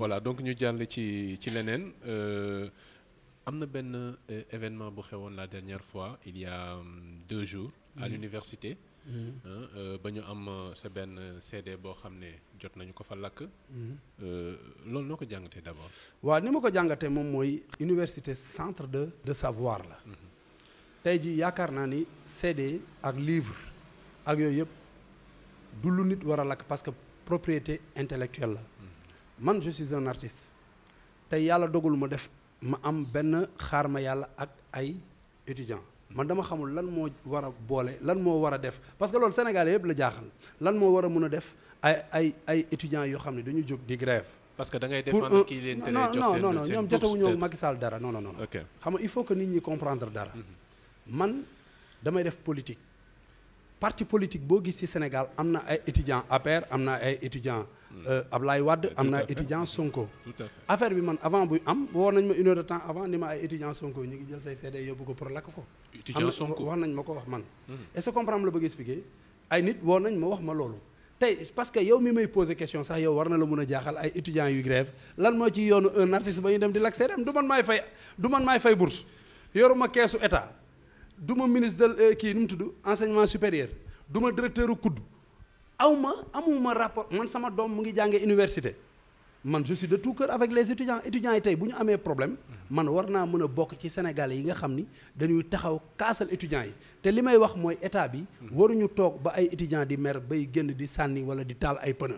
voilà donc ñu jàll ci ci leneen euh, am na benn euh, événement bu xewoon la dernière fois il y a deux jours. à mm-hmm. l'université mm-hmm. Euh, ba ñu am sa benn CD boo xam ne jot nañu ko fa lakk. Mm-hmm. loolu noo ko jàngatee d'abord. waa ni ma ko jàngatee moom mooy université centre de de savoir la. tey jii yaakaar naa ni CD ak livre ak yooyu yëpp du lu nit war a lakk parce que propriété intellectuelle la. man je suis un artiste tey yàlla dogul ma def ma am benn xaar ma yàlla ak ay étudiants man dama xamul lan moo war a boole lan moo war a def parce que loolu Sénégal yëpp la jaaxal lan moo war a mun a def ay ay ay étudiants yoo xam ne dañu jóg di grève parce que da ngay défendre kii leen tere jox seen non non ñoom jotewuñoo Macky dara non non xam nga il faut que nit ñi comprendre dara. Mhm. man damay def politique. parti politique boo gis ci Sénégal am na ay étudiants APR am na ay étudiants hmm. euh, Ablaye Wade am na ay étudiants Sonko affaire bi man avant buy am woo nañ ma une heure de temps avant ni ma ay étudiants Sonko ñu ngi jël say CD yóbbu ko pour lakk ko étudiants Sonko wax nañ ma ko wax man hmm. est-ce que comprendre la bëgg expliquer ay nit woo nañ ma wax ma loolu tey parce que yow mi may poser question sax yow war na la mun a jaaxal ay étudiants yu grève lan moo ci yoonu un artiste ba ñu dem di lakk CD du maay fay du man maay fay bourse keesu état du ma ministre de euh, kii nu mu tudd enseignement supérieur du directeur u kudd aw ma amuma rapport man sama doom mu ngi jànge université man je suis de tout cœur avec les étudiants étudiants yi tey bu ñu amee problème man war naa mën a bokk ci Sénégalais yi nga xam ni dañuy taxaw kaasal étudiants yi te li may wax mooy état bi waruñu toog ba ay étudiants di mer bay génn di sànni wala di taal ay pneu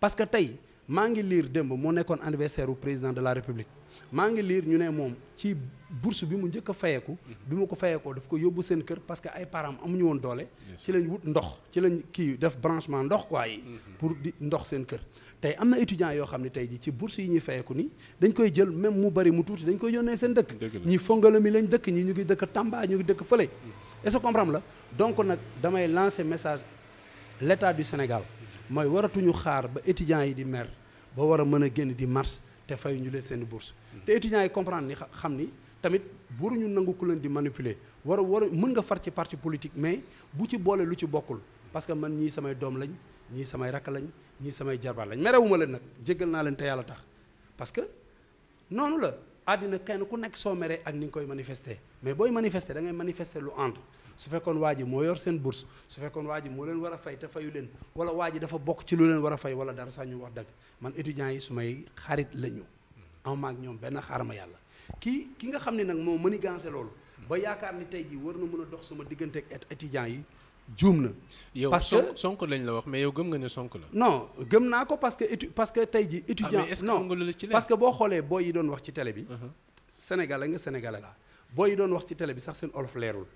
parce que tey maa ngi liir démb moo nekkoon anniversaire u président de la république maa ngi liir ñu ne moom ci bourse bi mu njëkk a fayeeku bi mu ko fayeekoo daf ko yóbbu seen kër parce que ay parents amuñu woon doole ci lañ wut ndox ci lañ kii def branchement ndox quoi yi mhm. pour di ndox seen kër tey am na étudiants yoo xam ne tey ji ci bourse yi ñuy fayeeku ni dañ koy jël même mu bari mu tuuti dañ koy yónnee seen dëkk ñi fongala mi lañ dëkk ñi ñu ngi dëkk Tamba ñu ngi dëkk fële mhm. est-ce la donc nag damay lancer message l'état du Sénégal mhm. mooy waratuñu xaar ba étudiants yi di mer ba war a mën a génn di marche te ñu leen seen bourse te étudiants yi comprendre ni xam ni tamit waruñu nangu ku leen di manipuler war war mën nga far ci parti politique mais bu ci boole lu ci bokkul parce que man ñii samay doom lañ ñii samay rakk lañ ñii samay jarbaat lañ merewuma leen nag jéggal naa leen te yàlla tax parce que noonu la àddina kenn ku nekk soo meree ak ni nga koy manifester mais booy manifester da ngay manifester lu entre su fekkoon waa ji moo yor seen bourse su fekkoon waa ji moo leen war a fay te fayu leen wala waa ji dafa bokk ci lu leen war a fay wala dara sax ñu wax dëgg man étudiants yi su may xarit la ñu am ak ñoom benn ma yàlla kii ki nga xam ne nag moo mën i gancé loolu ba yaakaar ni tey ji war na mën a dox suma diggante ak étudiants yi juum na yow parce que sonk lañ la wax mais yow gëm nga ne sonk la non gëm naa ko parce que étu parce que tey ji ah, étudiant non parce que boo xoolee booy doon wax ci télé bi uh-huh. sénégalais nga sénégalais booy doon wax ci télé bi sax seen olof leerul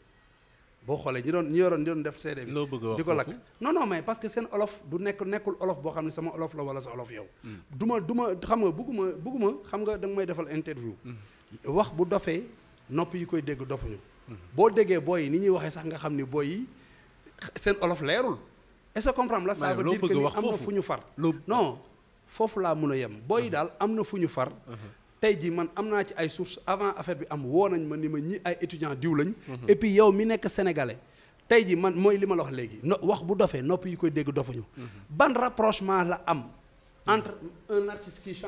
boo xoolee ñi doon ñi doon def CD bi loo bëgg a wax di ko lakk non seen olof du nekk nekkul olof boo xam ne sama olof la wala sa olof yow hmm. du ma du ma xam nga bugguma bugguma xam nga danga nga may defal interview hmm. wax bu dofee nopp yi koy dégg dofuñu hmm. boo déggee booy ni ñuy waxee sax nga xam ni booy seen olof leerul est-ce que comprendre la ça veut dire que am na fu ñu far non foofu laa mun a yem booy daal am na fu ñu far tey jii man am naa ci ay source avant affaire bi am woo nañ ma ni ma ñi ay étudiants diw lañ. Mhm. et yow mi nekk sénégalais. tey jii man mooy li ma la wax léegi no wax bu dofee nopp yi koy dégg dofuñu. Mhm. ban rapprochement la am. entre un artiste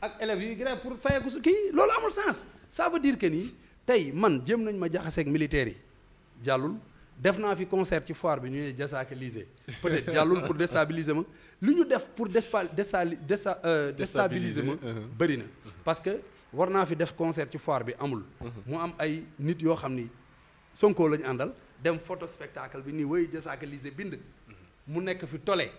ak élèves yuy grève pour fayeeku su kii loolu amul sens ça veut dire que ni tey man jëm nañ ma jaxaseeg militaires yi jàllul. def naa fi concert ci foire bi ñu ne jasaakalisé pour déstabiliser ma lu ñu def pour euh, déstabiliser ma bëri na parce que war naa fi def concert ci foire bi amul uh-huh. mu am ay nit yoo xam ni Sonko la ñu àndal dem photo spectacle bi nii way jasaakalisé bind uh-huh. mu nekk fi tole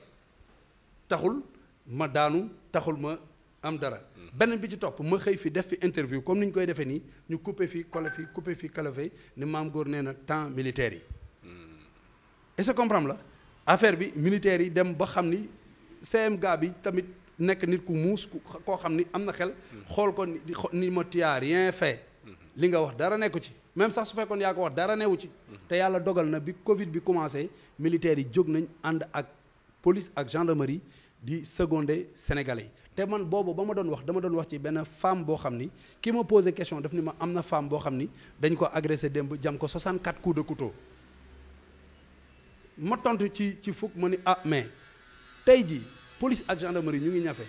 taxul ma daanu taxul ma am dara uh-huh. beneen bi ci topp ma xëy fi def fi interview comme ni ñu koy defee nii ñu coupé fi collé fi coupé fi collé fi ni maam góor nee na temps militaire yi Hmm. est-ce que la affaire bi militaires yi dem ba xam ni CMG bi tamit nekk nit ku muus koo xam ni am na xel. xool ko ni ma tiyaa rien fait. Hmm. li nga wax dara nekku ci même sax su fekkoon yaa ko wax dara newu ci. Hmm. te yàlla dogal na bi Covid bi commencé militaires yi jóg nañ ànd ak police ak gendarmerie di seconder sénégalais yi. te man boobu ba ma doon wax dama doon wax ci benn femme boo xam ni ki ma posé question daf ni ma am na femme boo xam ni dañ ko agressé démb jam ko 64 coups de couteau. ma tontu ci ci fukk ma ni ah mais tey ji police ak gendarmerie ñu ngi ñafe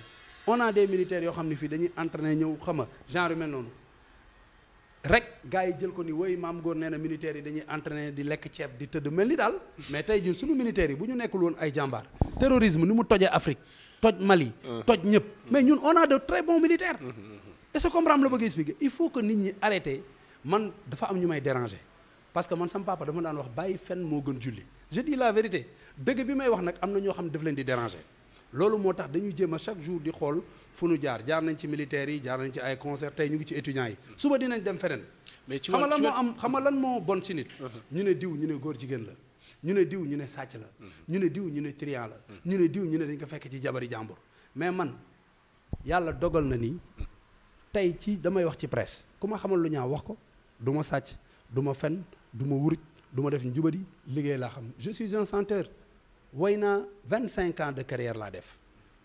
on a des militaires yoo xam ne fii dañuy entraîné ñëw xama genre mel noonu rek gars yi jël ko ni woy maam góor nee na yi dañuy entraîné di lekk ceeb di tëdd mel ni daal mais tey jii suñu militaire yi bu ñu nekkul woon ay jàmbaar terrorisme ni mu tojee Afrique toj Mali ah. toj ñëpp mais ñun on a de très bon militaire mm-hmm, mm-hmm. est ce que comprendre la bëgg expliquer il faut que nit ñi arrêté man dafa am ñu may déranger parce que man sama papa dama daan wax bàyyi fen moo gën julli je dis la vérité dëgg bi may wax nag am na ñoo xam ne daf leen di dérangé loolu moo tax dañuy jéem a chaque jour di xool fu nu jaar jaar nañ ci militaires yi jaar nañ ci ay concert tey ñu ngi ci étudiants yi suba dinañ dem feneen mais xam nga lan moo am xam nga lan moo bon ci nit uh-huh. ñu ne diw ñu ne góor jigéen la ñu ne diw ñu ne sàcc la uh-huh. ñu ne diw ñu ne trian la uh-huh. ñu ne diw ñu ne dañ ko fekk ci jabari jàmbur mais man yàlla dogal na nii tey ci damay wax ci presse ku ma xamal lu ñaaw wax ko du ma sàcc du ma fen du ma du ma def yi liggéey laa xam je suis un chanteur way naa vingt cinq ans de carrière laa def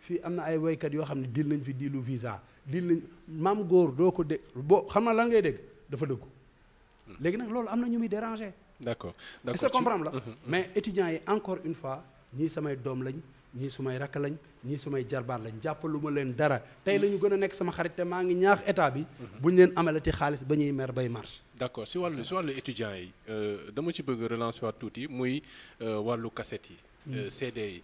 fii am na ay waykat yoo xam ne dil nañ fi dilu visa dil nañ maam góor doo ko dégg boo xam na lan ngay dégg dafa dëggu léegi nag loolu am na ñu muy déranger d'accord d'accord est la mhm, mhm. mais étudiants yi encore une fois ñii samay doom lañ ñii sumay rakk lañ ñii sumay jarbaat lañ jàppaluma leen dara tey la ñu gën a nekk sama xarit te maa ngi ñaax état bi mhm. buñ leen amalati xaalis ba ñuy mer bay marche d'accord si wàllu si wàllu étudiants yi euh, dama ci bëgg relance waat tuuti muy euh, wàllu cassette yi mm. euh, CD yi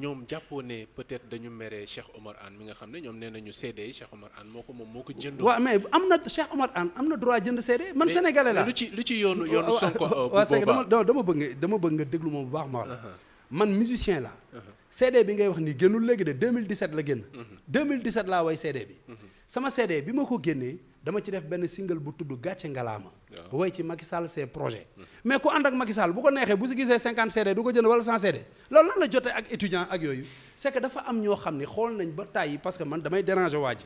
ñoom jàppoo ne peut-être dañu meree Cheikh Omar Anne mi nga xam ne ñoom nee nañu CD yi Cheikh Omar Anne moo ko moom moo ko jënd. waa mais am na Cheikh Omar Anne am na droit jënd CD man sénégalais la lu ci lu ci yoonu yoonu Sonko bu boobaa dama bëgg dama bëgg nga déglu ma wax uh-huh. man musicien la uh-huh. CD bi ngay wax ni génnul léegi de 2017 la génn. 2017 uh-huh. laa way CD bi. Uh-huh. sama CD bi ma ko génnee dama ci def benn single bu tudd gàcce ngalaama. waaw way ci Macky Sall projet projets. mais ku ànd ak Macky Sall bu ko neexee bu si gisee 50 CD du ko jënd wala 100 CD loolu lan la jotee ak étudiant ak yooyu c'est que dafa am ñoo xam ne xool nañ ba tàyyi parce que man damay déranger waa ji.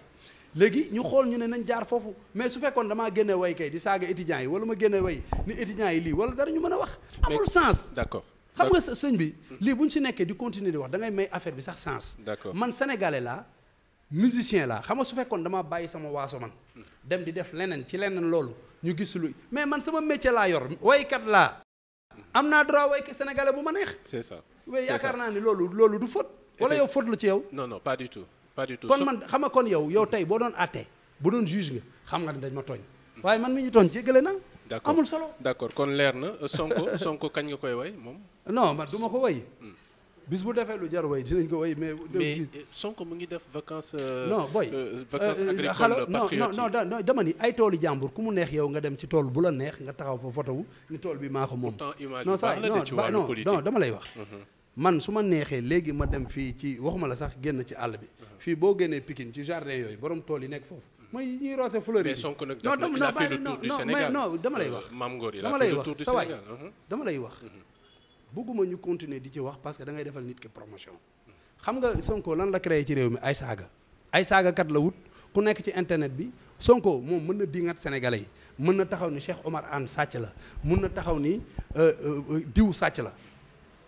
léegi ñu xool ñu ne nañ jaar foofu mais su fekkoon damaa génne way kay di saaga étudiants yi wala ma génne way ni étudiants yi lii wala dara ñu mën a wax. amul sens d'accord. xam nga sëñ bi lii bu ñu si nekkee di continuer di wax da may affaire bi sax sens man sénégalais laa musicien laa xam nga su fekkoon dama bàyyi sama waaso man dem di def leneen ci leneen loolu ñu gis lu mais man sama métier laa yor waykat laa am naa droit waykat sénégalais bu ma neex c'est ça waaye yaakaar naa ni loolu loolu du faute wala yow faute la ci yow non non pas kon man xam nga kon yow yow tey boo doon àtte bu doon juge nga xam nga dañ ma tooñ waaye man mi ñu tooñ jéggale na amul solo d'accord kon leer na Sonko Sonko kañ nga koy way moom non man du ma ko woy hmm. bis bu defee lu jar way dinañ ko way mais. mais Sonko mu ngi def vacances. Euh, non boy euh, euh, vacances agricoles patriotiques non non non dama ni ay toolu jàmbur ku mu neex yow nga dem si tool bu la neex nga taxaw fa foto wu tool bi maa ko moom. non saa non non dama lay wax. Mhm. man su ma neexee léegi ma dem fii ci waxuma la sax génn ci àll bi. Mhm. fii boo génnee Pikine ci jardin yooyu borom tool yi nekk foofu. Mhm. mooy ñuy roose fleur na il a fait le tour dama lay wax. Mame Ngor il a fait le tour du Sénégal dama lay wax. bëgguma ñu continuer di ci wax parce que defal nit ki promotion xam nga Sonko lan la créé ci réew mi ay saaga ay saagakat la wut ku nekk ci internet bi Sonko moom mën na dingat sénégalais yi mën na taxaw ni Cheikh Omar Anne sàcc la mun na taxaw ni euh, euh, euh, diw sàcc la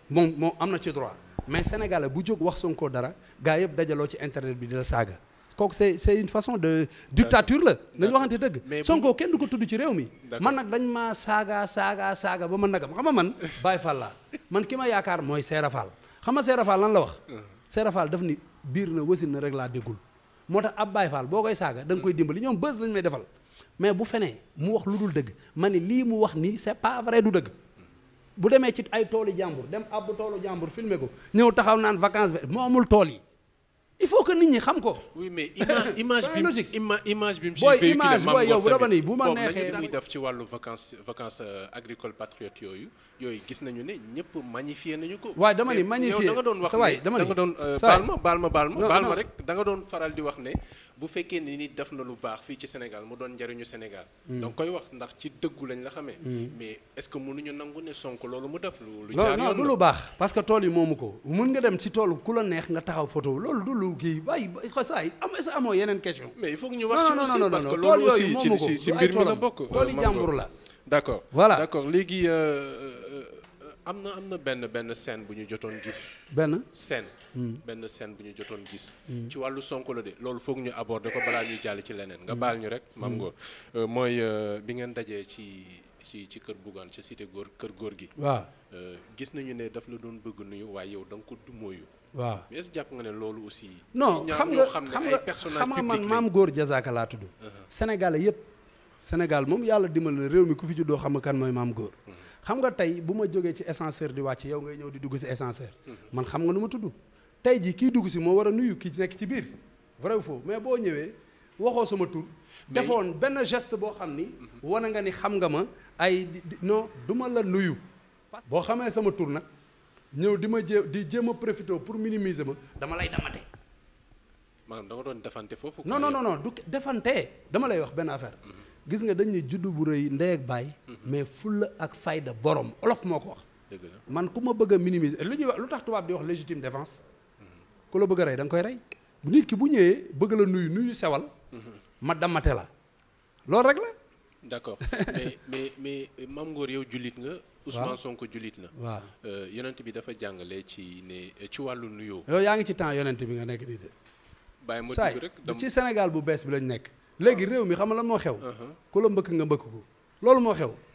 moom moo am na ci droit mais sénégalais bu jóg wax Sonko dara gaa yëpp dajaloo ci internet bi di la saaga kooku c' est une façon de dictature la nañu waxante dëgg Sonko kenn du ko tudd ci réew mi man nag dañ maa saaga saaga saaga ba ma nagam xam nga man Baye Fall laa man ki ma yaakaar mooy Seera xam ma Seera Fall lan la wax uh-huh. Seera Fall daf ni biir na wasin na rek laa déggul moo tax ab baay Fall boo koy saaga da nga koy dimbali ñoom bës lañ may defal mais bu fenee mu wax lu dul dëgg ma ni lii mu wax nii c' est pas vrai du dëgg bu demee ci ay toolu jàmbur dem abbu toolu jàmbur filmer ko ñëw taxaw naan vacances bi moo tool yi il faut que nit ñi xam ko. oui mais image bi image bi mu si véhiculé maam yow tamit bu ma neexee boobu def ci wàllu euh, yooyu yooyu gis nañu ne ñëpp magnifié nañu ko. waaw dama ni magnifié yow da nga doon wax ne doon euh, baal ma baal ma baal ma baal ma rek da nga doon faral di wax ne bu fekkee ni nit def na lu baax fii ci Sénégal mu doon njariñu Sénégal. Hmm. donc koy wax ndax ci dëggu lañ la xamee. Hmm. mais est-ce que mënuñu nangu ne Sonko loolu mu def. lu lu jaar baax parce que tool yi moomu ko mun nga dem ci toolu ku la neex nga taxaw photo loolu du loolu kii waaye xasaay am est-ce yeneen question. mais il ñu wax ci aussi parce que loolu aussi ci ci mbir mi la bokk. tool yi jàmbur la d'accord léegi euh, euh, am na am na benn benn scène bu ñu jotoon gis. benn scène. Hmm. benn scène bu ñu jotoon gis. Hmm. ci wàllu Sonko la de loolu foog ñu aborder ko balaa ñuy jàll ci leneen nga hmm. baal ñu rek. maam Ngor euh, mooy bi ngeen dajee ci. ci ci kër Bougane ci cité góor kër góor gi. waaw gis nañu ne daf la doon bëgg nuyu waaye yow da ko dumóoyu waaw mais est ne loolu aussi. non xam nga xam nga xam nga man maam góor jazaaka laa tudd. Uh-huh. Sénégalais yëpp Sénégal moom yàlla dimbal na réew mi ku fi juddoo xam nga kan mooy maam góor. Uh-huh. xam nga tey bu ma jógee ci ascenseur di wàcc yow ngay ñëw di dugg si ascenseur. Uh-huh. man xam nga nu ma tudd. tey jii kiy dugg si moo war a nuyu ki nekk ci biir vrai faux mais boo ñëwee waxoo sama tur. defoon benn geste boo xam ni. wane nga ni xam nga ma ay non du ma la nuyu. boo xamee sama tur nag. ñëw di ma jé di jéem a profité pour minimiser ma dama lay damate. maanaam da nga doon defante foofu. non non non du defante dama lay wax benn affaire. Mhm. gis nga dañ ne juddu bu rëy ndey ak baay. Mhm. mais fulla ak fayda borom olof moo ko wax. man ku ma bëgg minimiser lu ñuy wax lu tax tubaab di wax légitime défense. Mhm. ku la bëgg a rey da koy rey. nit ki bu ñëwee bëgg la nuyu nuyu sewal. ma damate la loolu rek la. d'accord mais mais mais Ngor yow jullit nga. Ousmane Sonko jullit na. waaw euh, yonent bi dafa jàngale ci ne ci wàllu nuyoo. yow yaa ngi ci temps yonent bi nga nekk nii de. bàyyi ma dugg ci Sénégal bu bees bi lañ nekk. léegi ah. réew mi xam nga lan moo xew. Uh-huh. ku la mbëkk nga mbëkk ko loolu moo xew.